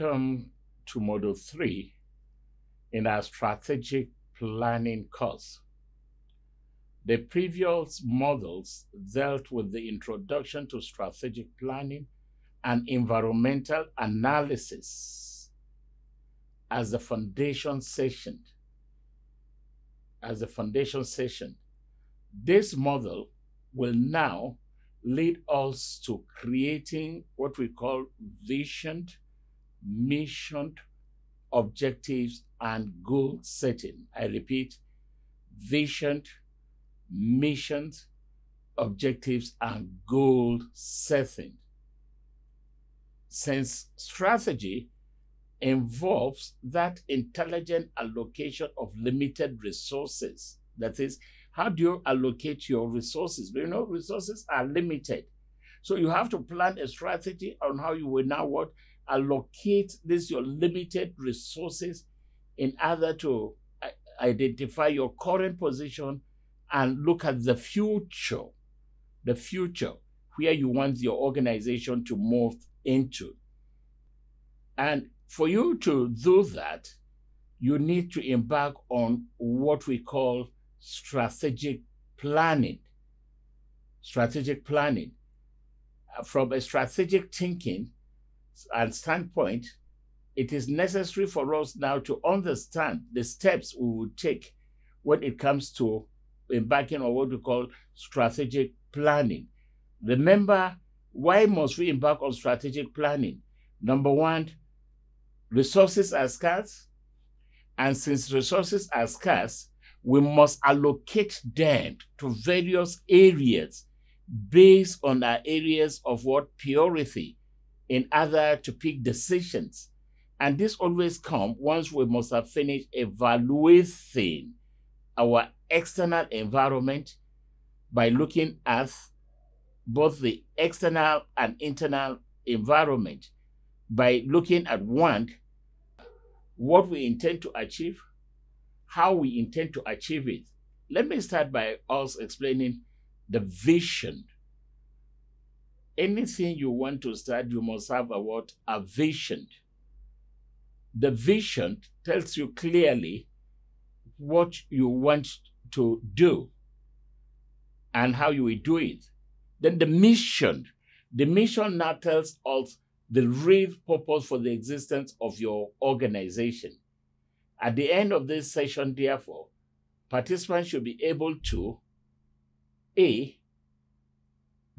Welcome to Model 3 in our strategic planning course. The previous models dealt with the introduction to strategic planning and environmental analysis as the foundation session. As the foundation session, this model will now lead us to creating what we call visioned mission objectives and goal setting. I repeat, vision, mission objectives, and goal setting. Since strategy involves that intelligent allocation of limited resources, that is, how do you allocate your resources? You know, resources are limited. So you have to plan a strategy on how you will now what allocate this your limited resources in order to uh, identify your current position and look at the future, the future where you want your organization to move into. And for you to do that, you need to embark on what we call strategic planning. Strategic planning. Uh, from a strategic thinking, and standpoint, it is necessary for us now to understand the steps we will take when it comes to embarking on what we call strategic planning. Remember, why must we embark on strategic planning? Number one, resources are scarce. And since resources are scarce, we must allocate them to various areas based on our areas of what purity in order to pick decisions. And this always comes once we must have finished evaluating our external environment by looking at both the external and internal environment by looking at one, what we intend to achieve, how we intend to achieve it. Let me start by us explaining the vision anything you want to start, you must have a what? A vision. The vision tells you clearly what you want to do and how you will do it. Then the mission. The mission now tells us the real purpose for the existence of your organization. At the end of this session, therefore, participants should be able to A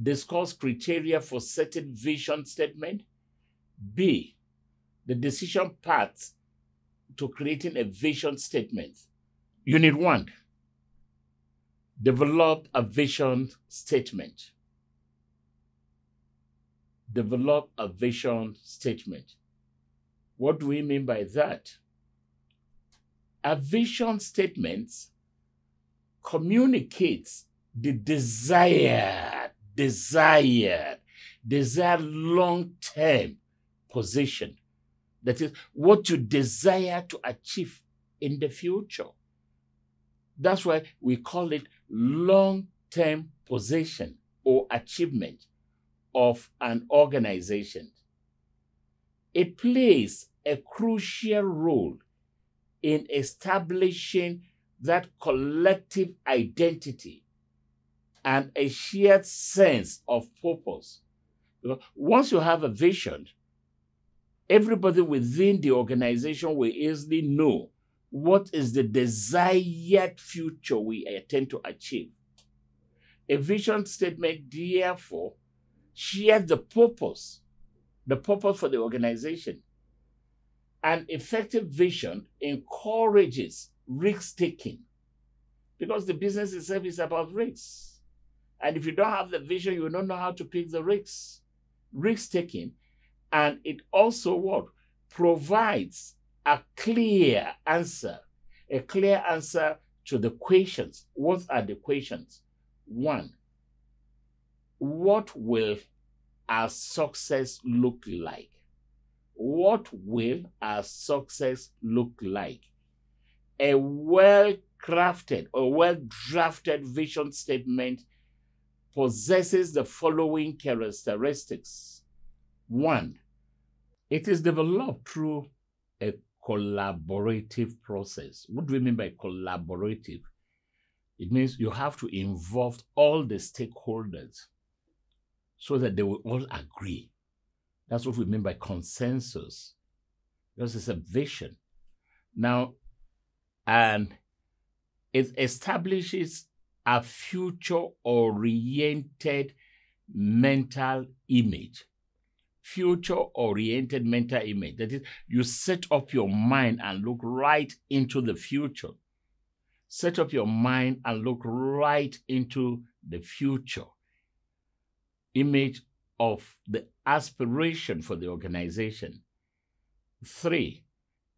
discuss criteria for certain vision statement. B, the decision path to creating a vision statement. Unit 1 Develop a vision statement. Develop a vision statement. What do we mean by that? A vision statement communicates the desire desired, desire long term position. That is what you desire to achieve in the future. That's why we call it long term position or achievement of an organization. It plays a crucial role in establishing that collective identity and a shared sense of purpose. Because once you have a vision, everybody within the organization will easily know what is the desired future we intend to achieve. A vision statement, therefore, shares the purpose, the purpose for the organization. An effective vision encourages risk taking because the business itself is about risks. And if you don't have the vision, you don't know how to pick the risks, risk taking. And it also what? Provides a clear answer, a clear answer to the questions. What are the questions? One, what will our success look like? What will our success look like? A well crafted or well drafted vision statement possesses the following characteristics. One, it is developed through a collaborative process. What do we mean by collaborative? It means you have to involve all the stakeholders so that they will all agree. That's what we mean by consensus. Because it's a vision. Now, and it establishes a future oriented mental image. Future oriented mental image. That is, you set up your mind and look right into the future. Set up your mind and look right into the future. Image of the aspiration for the organization. Three,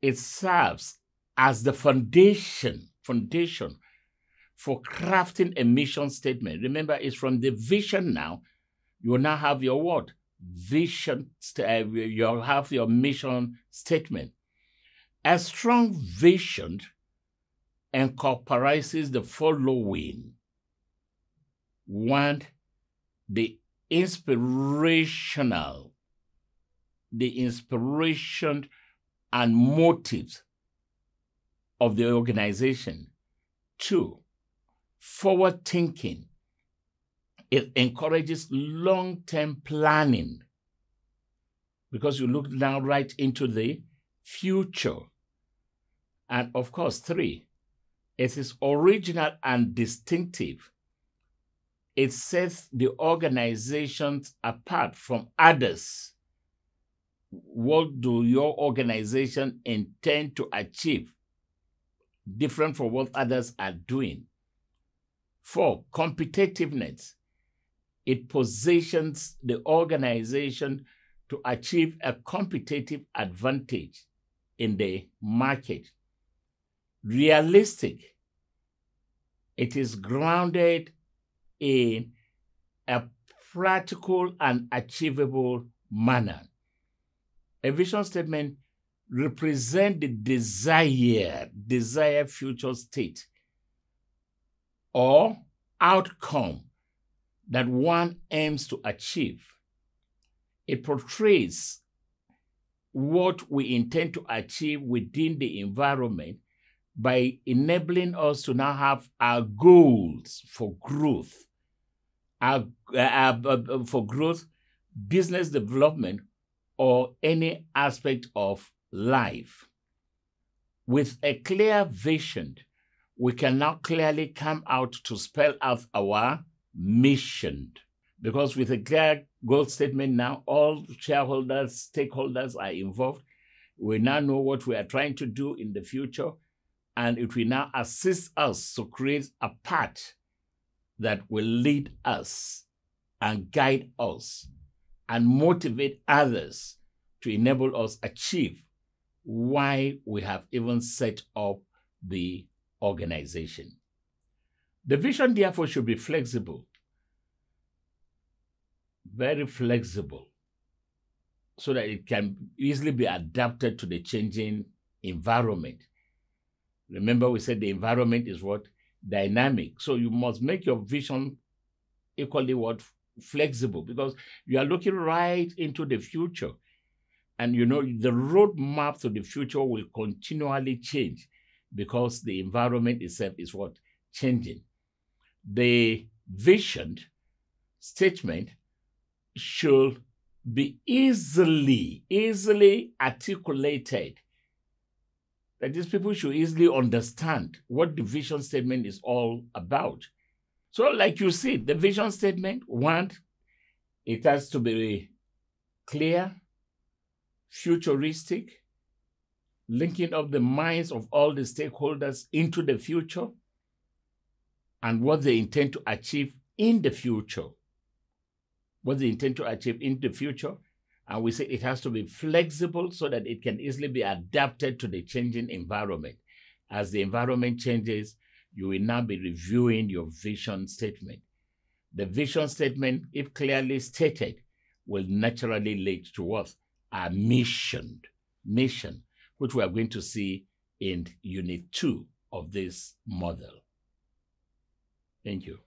it serves as the foundation, foundation for crafting a mission statement. Remember, it's from the vision now. You will now have your what? Vision, you uh, you'll have your mission statement. A strong vision incorporates the following one, the inspirational, the inspiration and motives of the organization. Two, forward thinking. It encourages long term planning because you look now right into the future. And of course, three, it is original and distinctive. It sets the organizations apart from others. What do your organization intend to achieve different from what others are doing? Four, competitiveness. It positions the organization to achieve a competitive advantage in the market. Realistic. It is grounded in a practical and achievable manner. A vision statement represents the desired, desired future state or outcome that one aims to achieve. It portrays what we intend to achieve within the environment by enabling us to now have our goals for growth, our, uh, uh, uh, for growth, business development, or any aspect of life. With a clear vision, we can now clearly come out to spell out our mission. Because with a clear goal statement now, all shareholders, stakeholders are involved. We now know what we are trying to do in the future, and it will now assist us to create a path that will lead us and guide us and motivate others to enable us achieve why we have even set up the organization. The vision, therefore, should be flexible, very flexible, so that it can easily be adapted to the changing environment. Remember, we said the environment is what? Dynamic. So you must make your vision equally what? Flexible, because you are looking right into the future. And you know, the roadmap to the future will continually change because the environment itself is what? Changing. The vision statement should be easily, easily articulated. That these people should easily understand what the vision statement is all about. So, like you see, the vision statement, one, it has to be clear, futuristic, linking up the minds of all the stakeholders into the future and what they intend to achieve in the future. What they intend to achieve in the future. And we say it has to be flexible so that it can easily be adapted to the changing environment. As the environment changes, you will now be reviewing your vision statement. The vision statement, if clearly stated, will naturally lead towards a mission. Mission which we are going to see in Unit 2 of this model. Thank you.